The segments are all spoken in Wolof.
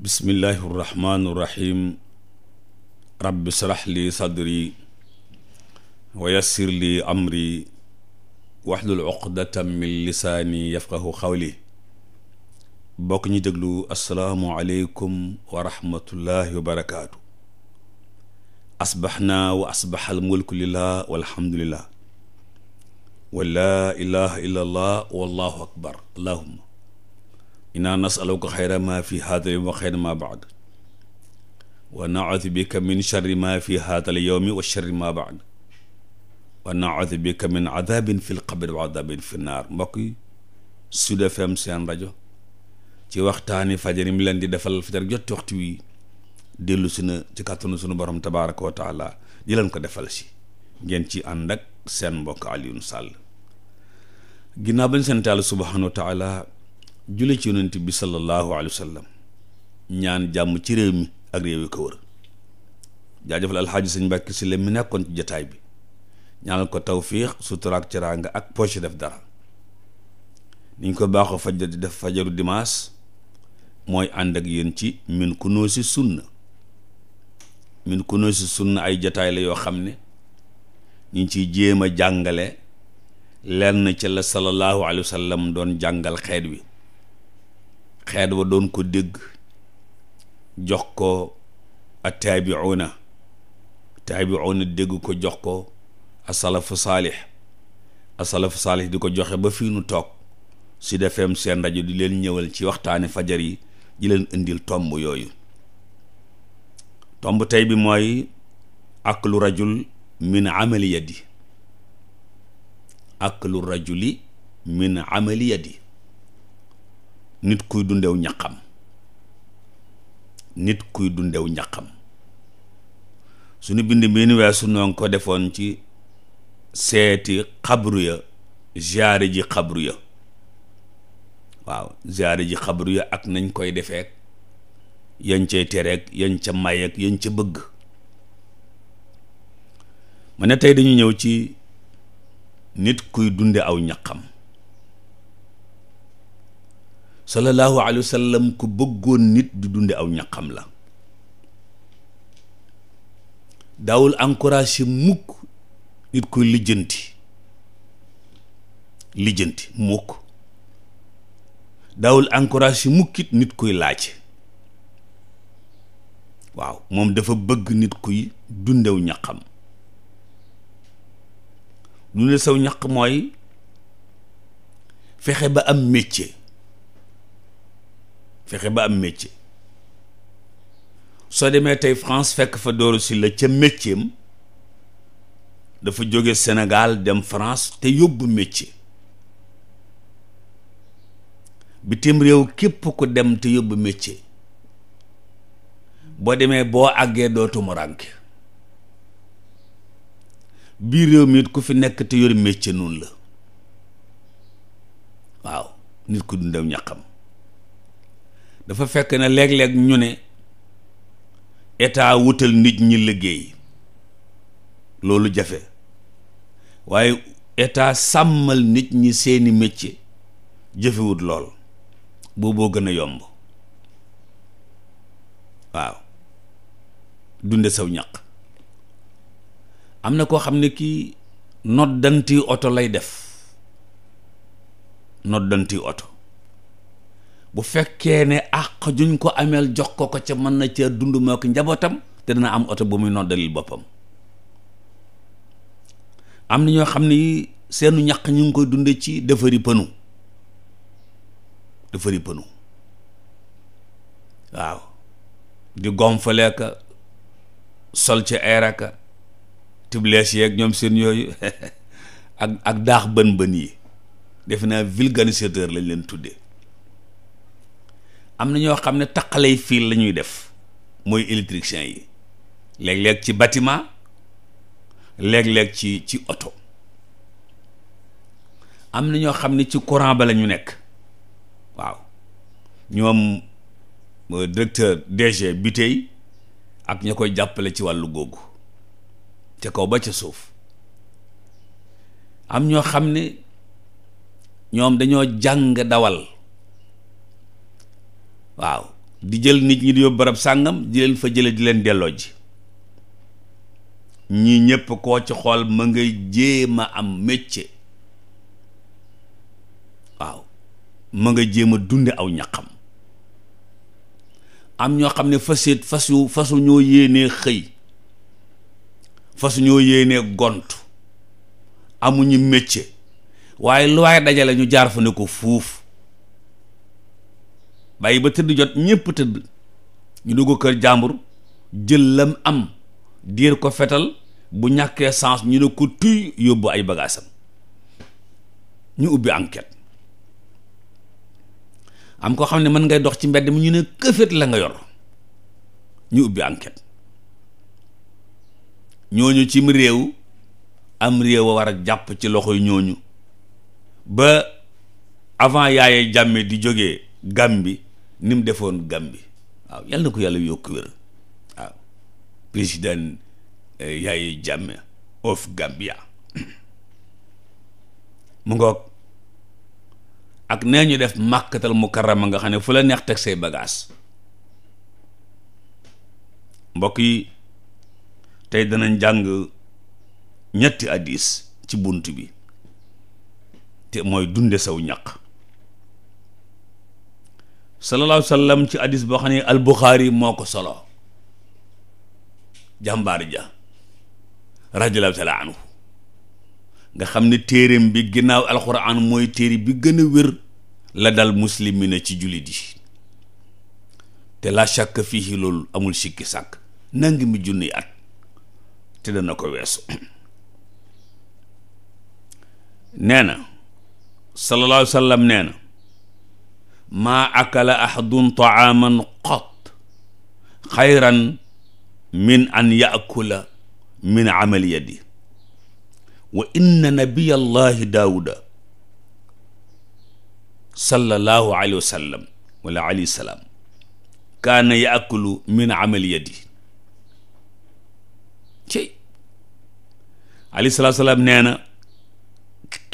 bismillahi irrahmani irrahim rabbi srah li sadri wa yassir li amri waxlul uqdatan min lisaani yafqahu xawli bokk ñi déglu asalaamualeykum wa rahmatullahi wa barakaatu asbaxnaa wa asbaxa almulku lillah walhamdulillah wa laa ilaha illa allah wallahu akbar allahumma inaa nasaluka xayra ma fi haadal yowmi wa xayra ma baad wa naudu bika min charri ma fi haadal yowmi wa charri ma baad wa naudu bika min adabin fi lqabri wa adabin fi naar mbokk yi Sud FM seen rajo ci waxtaani fajar yi mi leen di defal fajar jot waxtu wi dellu si na ci kàttanu sunu borom tabaaraka wa taala di leen ko defal si ngeen ci ànd seen mbokk Alioune Sall ginnaaw bañ seen taal subhaanahu wa taala jule ci yonent bi sallallahu alayhi wa sallam ñaan jàmm ci réew mi ak réew yi ko wër jaajëfal alxaaji sëñ Mbàkke si le mi nekkoon ci jataay bi ñaanal ko tawfiix suturaak ceraanga ak poche def dara niñ ko baaxoo fajar di def fajaru dimaas mooy ànd ak yéen ci min ku noo si sunna min si sunna ay jataay la yoo xam ne ñu ngi ciy jéem a jàngale lenn ci la sallallahu alayhi wa sallam doon jàngal xeet wi xeet wa doon ko dégg jox ko attaabiuuna taabiuuna dégg ko jox ko asalafu saalix asalafu saalix di ko joxe ba fi nu toog su defeem seen rajo di leen ñëwal ci waxtaani fajar yi di leen indil tomb yooyu tomb tey bi mooy aklu rajul min amali yadi aklu rajuli min amali yadi nit kuy dundew ñaxam nit kuy dundew ñaqam sunu bind bi nu weesu ko defoon ci seeti xabru ya ziyaare ji xabru ya waaw ziyaare ji xabru ya ak nañ koy defeek yañ cay tereeg yañ ca mayeeg yañ ca bëgg ma ne tey dañu ñëw ci nit kuy dunde aw ñaqam sallallahu alayhi wa sallam bëggoon nit du dunde aw ñaqam la daawul encouragé mukk nit koy lijjanti lijjanti mukk daawul encouragé mukkit nit kuy laaj waaw moom dafa bëgg nit kuy dundew ñaqam dunde saw ñaq mooy fexe ba am métier fexe ba am métier soo demee tey France fekk fa Doro Sylla ca métier dafa jóge Sénégal dem France te yóbbu métier bitim réew képp ku dem te yóbbu métier boo demee boo àggee dootu mu rànk biir réew mi it ku fi nekk te yor métier noonu la waaw nit ku dundew ñaqam dafa fekk ne léeg-léeg ñu ne état wutal nit ñi liggéey loolu jafe waaye état sàmmal nit ñi seeni métier jëfewut lool booboo gën a yomb waaw dunde saw ñaq am na koo xam ne kii noddanti oto lay def noddanti oto bu fekkee ne àq juñ ko ameel jox ko ko ca mën na cee dund moo njabootam te na am oto bu muy noddalil boppam am na ñoo xam ne seenu ñaq ñu ngi koy dunde ci defari pënu defari pënu waaw di gonfale sol ci aeraka tiblees yeeg ñoom seen yooyu ak ak daax bën bën yi defe naa vulcanisateur lañ leen tuddee am na ñoo xam ne taqalay fiil la ñuy def mooy électricien yi léeg-léeg ci bâtiment léeg-léeg ci ci oto am na ñoo xam ne ci courant ba la ñu nekk waaw ñoom euh, directeur DG Bitey ak ña koy jàppale ci wàllu googu te kaw ba ca suuf am ñoo xam ne ñoom dañoo jàng dawal waaw di jël nit ñi di yóbbu barab sàngam di leen fa jële di leen delloo ji ñi ñépp koo ci xool ma nga jéem a am métier waaw ma nga jéem a dunde aw ñaxam am ñoo xam ne faseet fasu fasu ñoo yéenee xëy fasu ñoo yéenee gont amuñu métier waaye lu waaye dajale ñu jaar fa ne ko fuuf bàyyi ba tëdd jot ñëpp tëdd ñu dugg kër jàmbur jël lam am diir ko fetal bu ñàkkee sens ñu ne ko tuy yóbbu ay bagaasam ñu ubbi enquette am ko xam ne mën ngay dox ci mbedd mi ñu ne këfet la nga yor ñu ubbi enquête ñooñu cim réew am réew a war a jàpp ci loxo yi ñooñu ba avant yaaye jàmme di jógee Gàmbi ni defoon Gambie waaw yal ko yàlla yokk wér waaw président eh, Yahya Jammeh of Gambia mu ngoog ak nee ñu def màkkatal mukarrama nga xam ne fu la neex teg say bagage mbokk yi tey danañ jàng ñetti addis ci bunt bi te mooy dunde saw ñaq sallallahu alayhi wa sallam ci hadis boo xam ne al Buxaari moo ko solo jàmbaar ja radiyallahu taala anhu nga xam ne téereem bi ginnaaw alxuraan mooy téere bi gën a wér la dal muslimina ci jullit yi te la shakk fii loolu amul sikki sàkk nangi mi junniy at te dana ko weesu nee na sallallahu alayhi nee na maa akala ahadun taaman qat xayran min an yaakula min amal yadi wa inna nabiya allahi daawuda sallallahu alayhi wa sallam wala alayhi salaam kaana yaakulu min amal yadi ci alayhi salaatu salaam nee na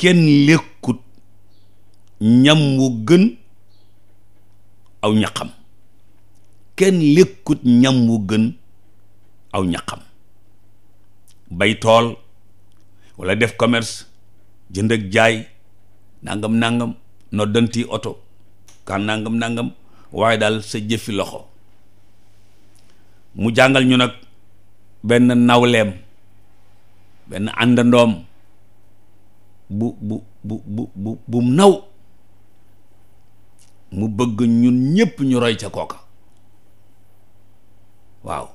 kenn lekkut ñam wu gën aw ñaqam kenn lekkut ñam wu gën aw ñaqam bay tool walla def commerce jënd ak jaay nangam nangam noddanti oto kan nangam nangam waaye daal sa jëfi loxo mu jàngal ñu nag benn nawleem benn àndandoom bu bu bu bu bu bu naw mu bëgg ñun ñépp ñu roy ca kooka waaw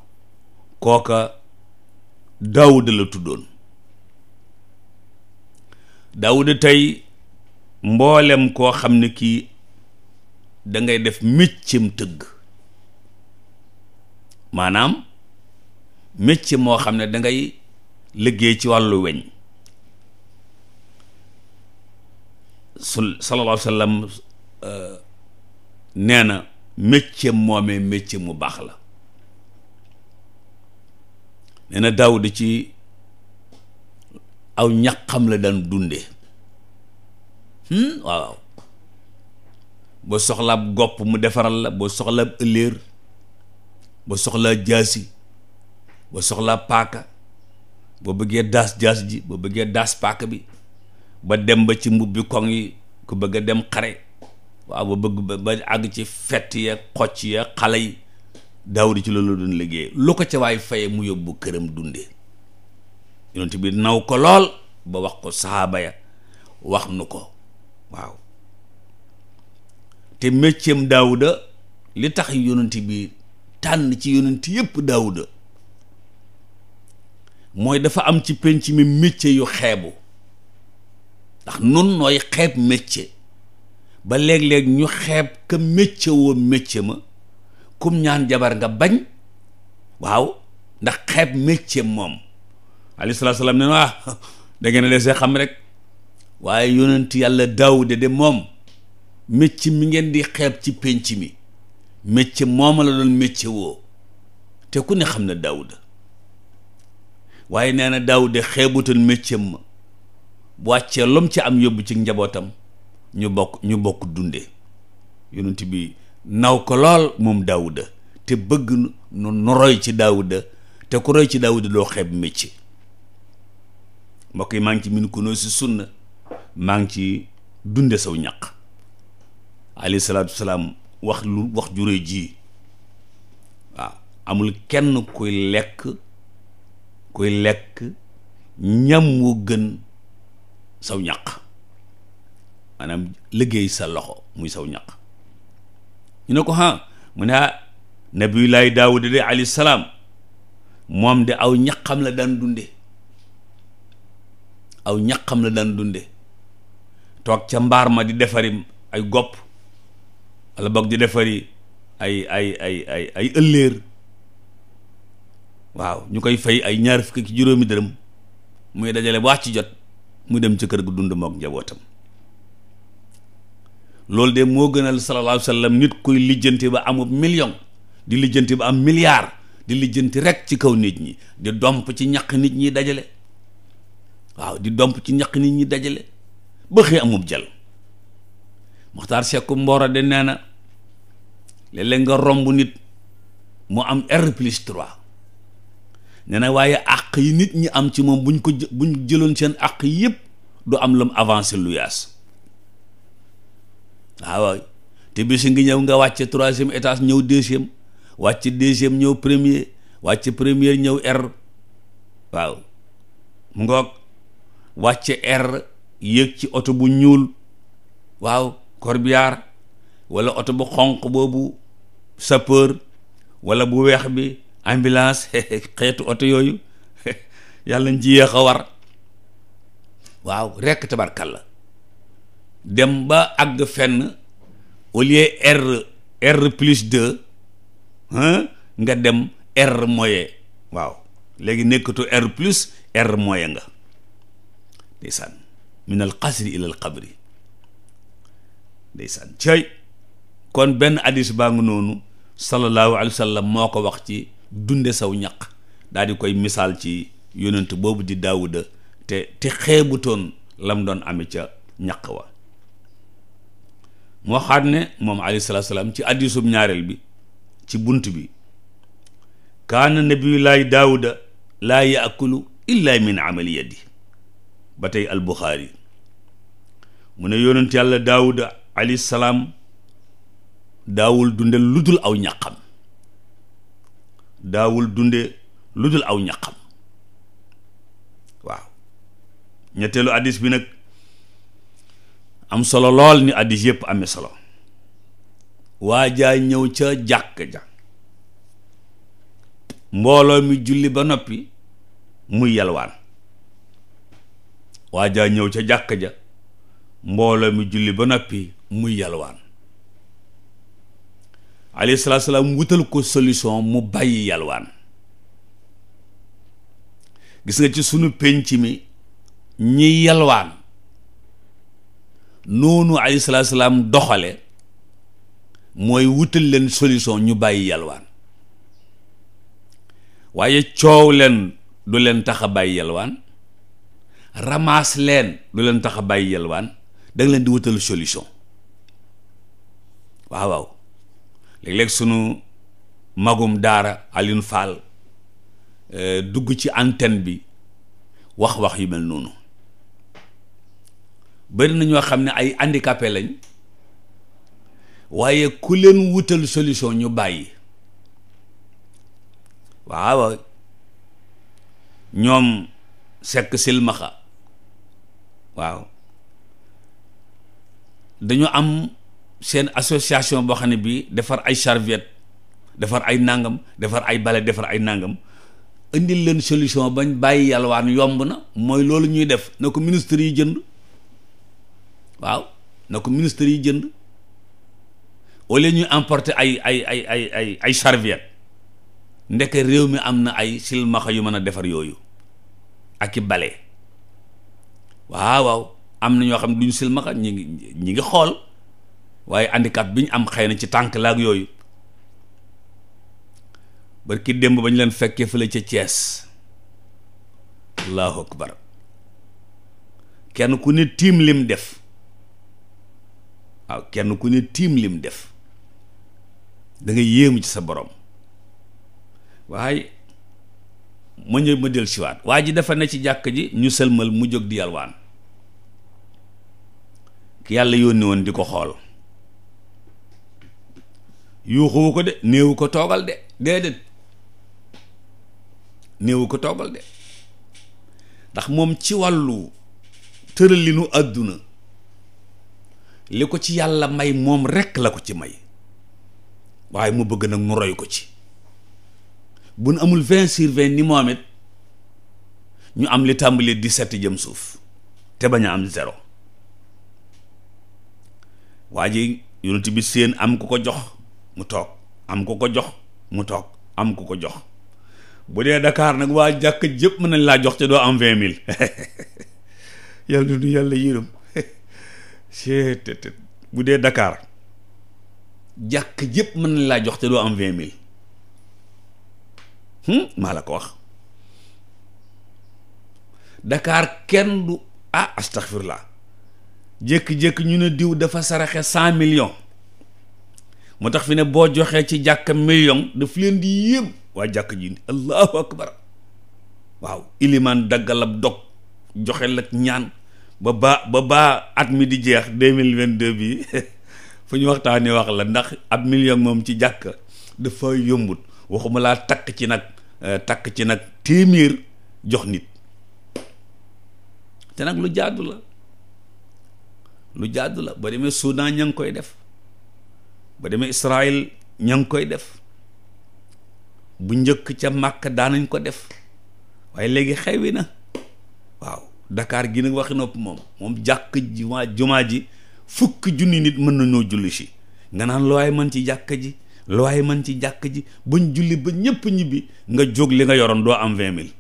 kooka daawuda la tuddoon daawuda tey mboolem koo xam ne kii da ngay def méccam tëgg maanaam mécc moo xam ne dangay liggéey ci wàllu weñ su sallallahu alayhi nee na métier moomee métier mu baax la nee na di ci aw xam la daan dunde hmm? waaw boo soxlaab gopp mu defaral la boo soxlaab ëlléer boo soxlaa jaasi ba soxlaa paaka boo bëggee daas jaas ji boo bëggee daas paaka bi ba dem ba ci mbubbi koŋ yi ku bëgg a dem xare waaw ba bëgg ba àgg ci fett ya xocc ya xale yi daawud ci loolu la doon liggéey lu ko ca waay faye mu yóbbu këram dunde yonent bi naw ko lool ba wax ko saxaaba ya wax nu ko waaw te mécceem daawuda li tax yonent bi tànn ci yonent yépp daawuda mooy dafa am ci penc mi métier yu xeebu ndax nun nooy xeeb métier ba léeg-léeg ñu xeeb ka mécce woo mécce ma kum ñaan jabar nga bañ waaw ndax xeeb mécce moom alayhi salaatu salaam ne ah da ngeen a dese xam rek waaye yonent yàlla daawude de moom mécc mi ngeen di xeeb ci pénc mi mécce mooma la doon mécce te ku ne xam na daawuda waaye nee na daawude xeebutoon mécceem ma bu wàccee lom ci am yóbbu ci njabootam ñu bokk ñu bokk dunde yonent bi naw ko lool moom daawuda te bëgg nu nu roy ci daawuda te ku roy ci daawuda doo xeeb métier mbokk yi maa ngi ci min kunoo si sunna maa ngi ci dunde saw ñaq alayhi salaatu wasalaam wax lu wax jure ji waaw amul kenn kuy lekk kuy lekk ñam wu gën saw ñaq maanaam liggéey sa loxo muy saw ñax ñu ne ko ha mu ne ah nabiyullaahi daawuda de alayhi salaam moom de aw ñaqam la daan dunde aw ñaqam la daan dunde toog ca mbaar ma di defari ay gopp wala boog di defari ay ay ay ay ëlléer waaw ñu koy fay ay ñaar fukki ki juróomi dërëm muy dajale bu ci jot mu dem jëkkër kër gu dund mook njabootam loolu de moo gënal sallallahu alayhi wa sallam nit kuy lijjanti ba amub million di lijjanti ba am milliard di lijjanti rek ci kaw nit ñi di domp ci ñaq nit ñi dajale waaw di domp ci ñaq nit ñi dajale ba xëy amub jël Muxtaar Sekku nee na léeg romb nit mu am R plus 3 nee na waaye àq yi nit ñi am ci moom buñ ko buñ jëloon seen àq yëpp du am lu mu avancé lu yaas Ah, waaw te bis ngi ñëw nga wàcc troisième étage ñëw deuxième wàcc deuxième ñëw premier wàcc premier ñëw R waaw mu ngoog wàcc R yéeg ci oto bu ñuul waaw corbillard wala oto bu xonq boobu sapeur wala bu weex bi ambulance xeetu oto yooyu yàlla nañ ci yéex a war waaw rekk tabarkalla dem ba àgg fenn au lieu R R plus deux nga dem R moyen waaw léegi nekkatu R plus R moyen nga ndeysaan min al qasri ila al qabri cëy kon benn hadis baa ngi noonu sallallahu alayhi wa moo ko wax ci dunde saw ñaq daal di koy misaal ci yonent boobu di daawuda te te xeebutoon lam doon ame ca ñaq wa moo waxaat ne moom alayhi salaatu salaam ci addisum ñaareel bi ci bunt bi kaana nabiyullaahi daawuda laa yaakulu illa min amali ba tey albuxaari mu ne yonent yàlla daawuda alayhi salaam daawul dunde lu dul aw ñaqam daawul dunde lu dul aw ñaqam waaw ñetteelu addis bi nag am solo lool ni addis yëpp amee solo waa jaa ñëw ca jàkk ja mbooloo mi julli ba noppi muy yalwaan waa jaa ñëw ca jàkk ja mbooloo mi julli ba noppi muy yalwaan alayhi salaatu salaam wutal ko solution mu bàyyi yalwaan gis nga ci sunu pénc mi ñi yalwaan noonu alayhi salaatu salaam doxale mooy wutal leen solution ñu bàyyi yalwaan waaye coow leen du leen taxa a bàyyi yalwaan ramaas leen du leen tax a bàyyi yalwaan da leen di wutal solution waaw waaw léeg sunu magum daara Alioune Fall euh, dugg ci antenne bi wax wax yu mel noonu bëri na ñoo xam ne ay handicapé lañ waaye ku leen wutal solution ñu bàyyi waaw ñoom sekk silmaxa waaw dañu am seen association boo xam ne bii defar ay serviette defar ay nangam defar ay bale defar ay nangam indil leen solution bañ bàyyi yàlla waan yomb na mooy loolu ñuy def na ko ministre yi jënd waaw na ko ministre yi jënd au lieu ñuy emporter ay ay ay ay ay ay serviette ndeke réew mi am na ay silmaxa yu mën a defar yooyu ak i bale waaw waaw am na ñoo xam ne duñ silmaxa ñi ngi ñi ngi xool waaye handicap bi ñu am xëy na ci tànk laag yooyu barki démb ba ñu leen fekkee fële ca Thiès allahu akbar kenn ku ne tiim lim def waaw kenn ku ne tiim lim def dangay nga ci sa boroom waaye ma ñëw ma del siwaat waa ji dafa na ci jàkk ji ñu sëlmal mu jóg di yalwaan ki yàlla yónni woon di ko xool yuuxuwu ko de néewu ko toogal de déedéet néewu ko toogal de ndax moom ci wàllu tëralinu àdduna li ko ci yàlla may moom rekk la ko ci may waaye mu bëgg nag mu roy ko ci bu nu amul vingt sur vingt ni moom it ñu am li tàmbali di sept jëm suuf te bañ a am zéro waa ji yonent bi séen am ku ko jox mu toog am ku ko jox mu toog am ku ko jox bu dee dakaar nag waa jàkk jëpp mën nañ laa jox te doo am vingt mille yàlla du yàlla yërëm seetet bu dee dakaar jàkk jépp mën na laa jox te doo am vingt mille maa la ko wax dakaar kenn du ah astaghfirullah jékki-jékki ñu ne diw dafa saraxe cent millions moo tax fi ne boo joxee ci jàkk million daf leen di yéem waa jàkk ji allahu akbar waaw ilimaan daggalab dog joxe lak ñaan ba ba ba ba at mi di jeex deux mille vingt deux bi fu ñu waxtaanee wax la ndax at million moom ci jàkk dafa yombut waxuma laa takk ci nag euh, takk ci nag téeméer jox nit te nag lu jaadu la lu jaadu la ba demee Soudan ña ngi koy def ba demee Israël ña ngi koy def bu njëkk ca Màkk daanañ ko def waaye léegi xewi na waaw Dakar gi nag waxi nopp moom moom jàkk jumaa jumaa ji fukki junni nit mën nañoo julli si nga naan looy mën ci jàkk ji looy mën ci jàkk ji buñ julli ba ñëpp ñibbi nga jóg li nga yoroon doo am vingt mille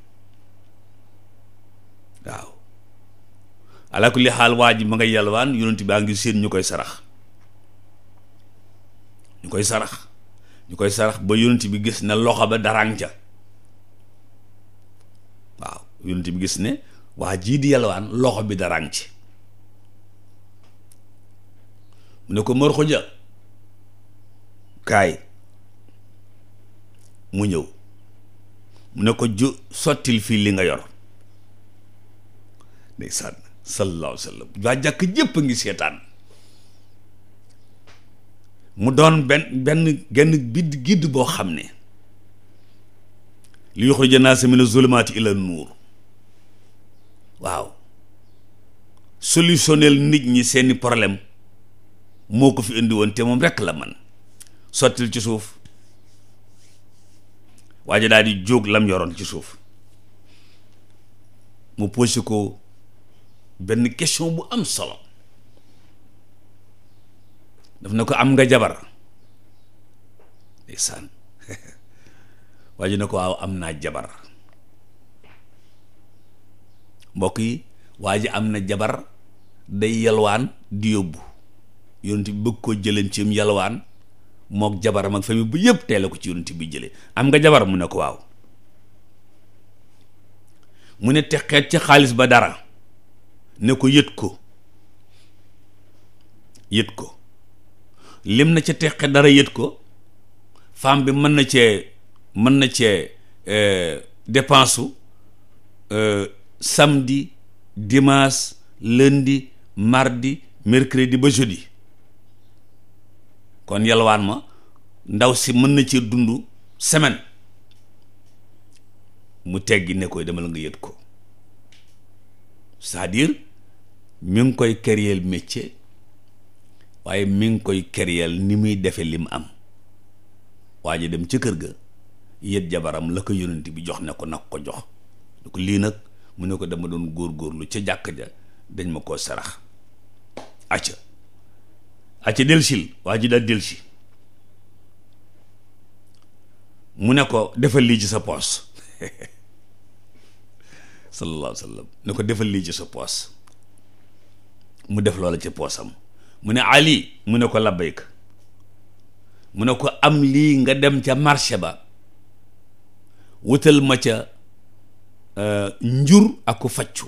waaw ala xaal waa ji ma nga yalwaan yonent baa ngi seen ñu koy sarax ñu koy sarax ñu koy sarax ba yonent bi gis ne loxo ba daraan ca waaw yonent bi gis ne waa jii di yalwaan loxo bi daraan ci mu ne ko mër kaay mu ñëw mu ne ko sottil fii li nga yor ndeysaan sallallahu alayhi wa sallam jàkk jëpp a ngi seetaan mu doon benn benn genn bidd gidd boo xam ne li yuxrija naasa mina zulumaati ila nuur waaw solutionnel nit ñi seeni problème moo ko fi indi woon te moom rekk la man sottil ci suuf waaja daal di jóg lam yoroon ci suuf mu posé ko benn question bu am solo daf na ko am nga jabar ndeysaan waaji na ko waaw am naa jabar mbokk yi waa ji am na jabar day yalwaan di yóbbu yonent bi bëgg koo jëleen ci yalwaan mook jabaram ak famille bu yëpp teele ko ci yonent bi jëlee am nga jabar mu ne ko waaw mu ne teqeet ca xaalis ba dara ne ko yët ko yët ko lim na ca teqe dara yët ko femme bi mën na cee mën na cee eh, dépense su eh, samedi dimaas lundi mardi mercredi ba jeudi kon yalwaan ma ndaw si mën na ci dundu semaine mu teggi ne koy demal nga yët ko c'est-à-dire ngi koy créer métier waaye mi ngi koy créer ni muy defe lim am waa ji dem ci kër ga yët jabaram la ko yonent bi jox ne ko nag ko jox du ko lii nag mu ne ko dama doon góor góorlu ca jàkk ja dañ ma koo sarax acca acca delsil waa ji daal delsi mu ne ko defal lii ci sa poos sallallahu ne ko defal ci sa mu def loola ci poosam mu ne Ali mu ne ko labbayk mu ne ko am lii nga dem ca marché ba wutal ma ca Euh, njur ak ku faccu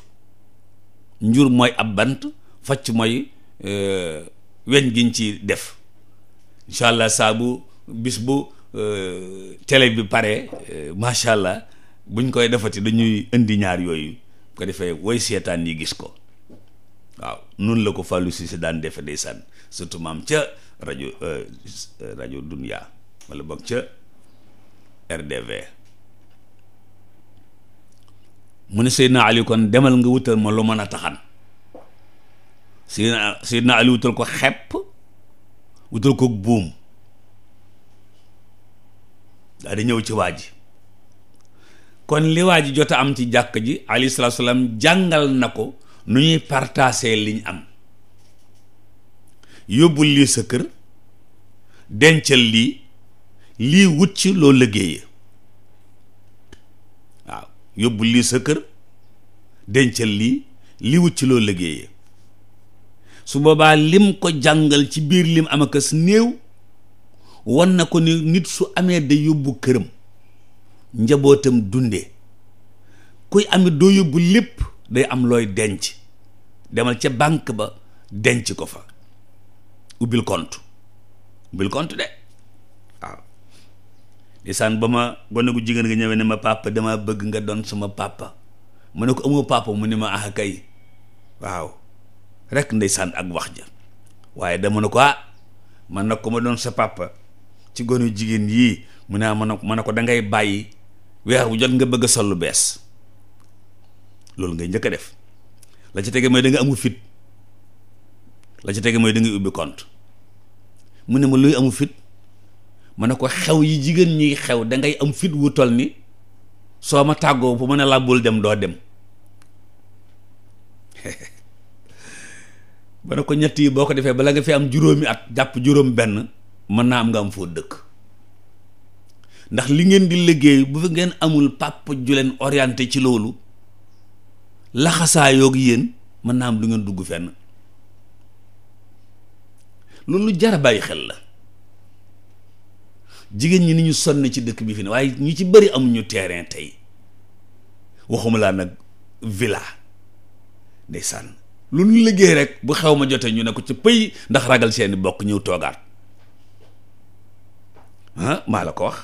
njur mooy ab bant facc mooy euh, weñ giñ ci def incha saabu saa bu bis bu euh, télé bi pare macha allah buñ koy defati dañuy indi ñaar yooyu bu ko defee woy seetaan yi gis ko waaw noonu la ko fàllu si si daan defe ndeysaan surtout maam ca rajo rajo dunia wala ca RDV mu ne Seydina Ali kon demal nga wutal ma lu mën a taxan Seydina Seydina Ali wutal ko xepp wutal ko buum daal ñëw ci waa ji kon li waa ji jot a am ci jàkk ji alayhi salaatu salaam jàngal na ko nu ñuy partager liñ am yóbbul lii sa kër dencal lii lii wut ci loo liggéeye yóbbu lii sa kër dencal lii li wut ci loo liggéeyee su boobaa lim ko jàngal ci biir lim am akas néew wan na ko ni nit su amee da yóbbu këram njabootam dunde kuy amit doo yóbbu lépp day am looy denc demal ca banque ba denc ko fa ubbil compte ubbil compte de ndeysaan ba ma gone gu jigéen gi ñëwee ne ma papa damaa bëgg nga doon sama papa mu ne ko amoo papa mu ne ma ah kay waaw rekk rek saan ak wax ja waaye da dama ne ko ah man nag ko ma doon sa papa ci gone jigéen yii mu ne ah ma ne ko da bàyyi weer bu nga bëgg a sol lu bees loolu ngay njëkk def la ci tege mooy da amul fit la ci tege mooy dangay ngay ubbi compte mu ne ma luy amul fit. ma ne ko xew yi jigéen ñuy xew da am fit wu toll ni soo ma tàggoo bu mën a làbbul dem doo dem ba ne ko ñett boo ko defee bala nga fi am juróomi at jàpp juróom mën naa am nga am foo dëkk ndax li ngeen di liggéey bu fi ngeen amul pàpp ju leen orienté ci loolu laxasaa yoog yéen mën naa am du ngeen dugg fenn loolu jara bàyyi xel la jigéen ñi ni ñu sonn ci dëkk bi fi ne waaye ñu ci bëri amuñu terrain tey waxuma laa nag villa ndeysaan lu ñu liggéey rek bu xew ma jotee ñu ne ko ci pëy ndax ragal seeni bokk ñëw toogaat ah maa la ko wax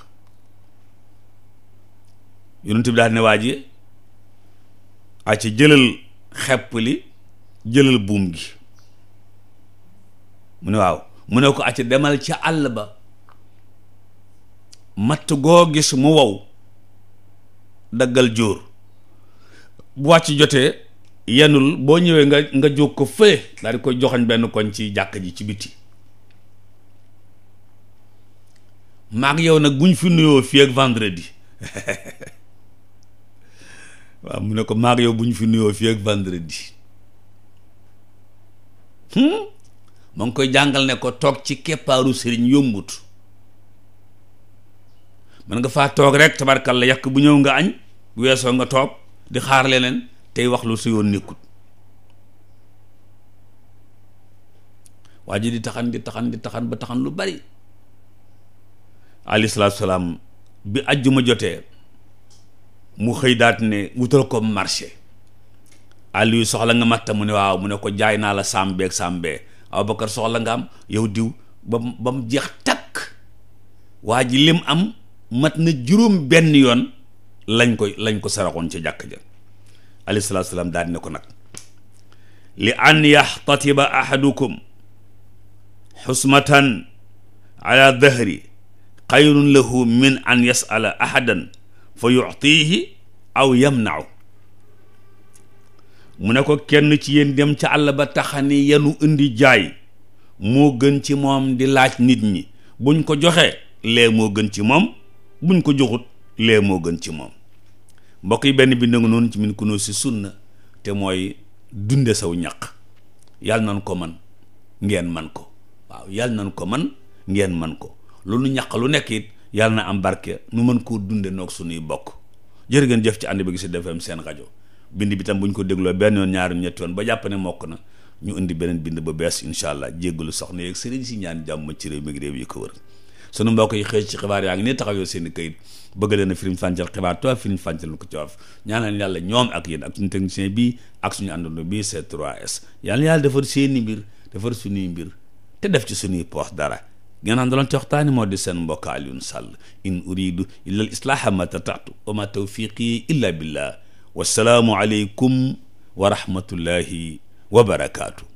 yonent bi daal ne waa ji a ci jëlal xepp li jëlal buum gi mu ne waaw mu ne ko acca demal ca àll ba matt goo gis mu wow daggal jóor bu wàcc jotee yenul boo ñëwee nga nga jóg ko fële daal di koy joxañ benn koñ ci jàkk ji ci biti maag yow nag buñ fi nuyoo fii ak vendredi waaw ne ko maag yow buñ fi nuyoo fii ak vendredi hmm? ma ngi koy jàngal ne ko toog ci keppaaru sëriñ yombut mën nga faa toog rek tabarkalla yàq bu ñëw nga añ weesoo nga toog di xaar leneen tey wax lu su yoon nekkut waa ji di taxan di taxan di taxan ba taxan lu bari alayhi salaatu salaam bi ajjuma jotee mu xëy daat ne wutal ko marché Aliou soxla nga matta mu ne waaw mu ne ko jaay naa la sàmbeeg sàmbee Abubakar soxla nga am yow diw ba ba mu jeex takk waa ji lim am mat na juróom benn yoon lañ koy lañ ko saraxoon ca jàkk ja alayhi salaam daal ne ko nag li an yaxtatiba ahadukum xusmatan ala dahri xayrun lahu min an yasala ahadan fa yuctiihi aw yamnau mu ne ko kenn ci yéen dem ca àll ba taxani yanu indi jaay moo gën ci moom di laaj nit ñi buñ ko joxee lee moo gën ci moom buñ ko joxut lee moo gën ci moom mbokk yi benn bi nangu noonu ci min ku si sunna te mooy dunde saw ñaq yàlla nan ko man ngeen man ko waaw yàlla nan ko man ngeen man ko lu nu ñaq lu nekk it yàlla na am barke nu mën koo dunde noog suñuy bokk jër ngeen jëf ci ànd bi Sud FM seen rajo bind bi tam bu ko dégloo benn yoon ñaari ñetti yoon ba jàpp ne mokk na ñu indi beneen bind ba bees incha allah jéggalu soxna yeeg sëriñ si ñaan jàmm ci réew mi réew yi ko wër sunu mbokk yi xëy ci xibaar yaa ngi ne taxaw yoo seen i këyit bëgg leen a firim fàncal xibaar tuwaaf firim fàncal ko cowaaf ñaanal yàlla ñoom ak yéen ak suñu technicien bii ak suñu àndandoo bii C3S defar seeni mbir defar suñuy mbir te def ci suñuy poos dara ngeen àndaloon ci waxtaani moo di seen mbokk Alioune Sall in uridu illa al islaaha ma tatatu wa ma tawfiqi illa billah wassalaamu aleykum wa rahmatullahi wa barakaatu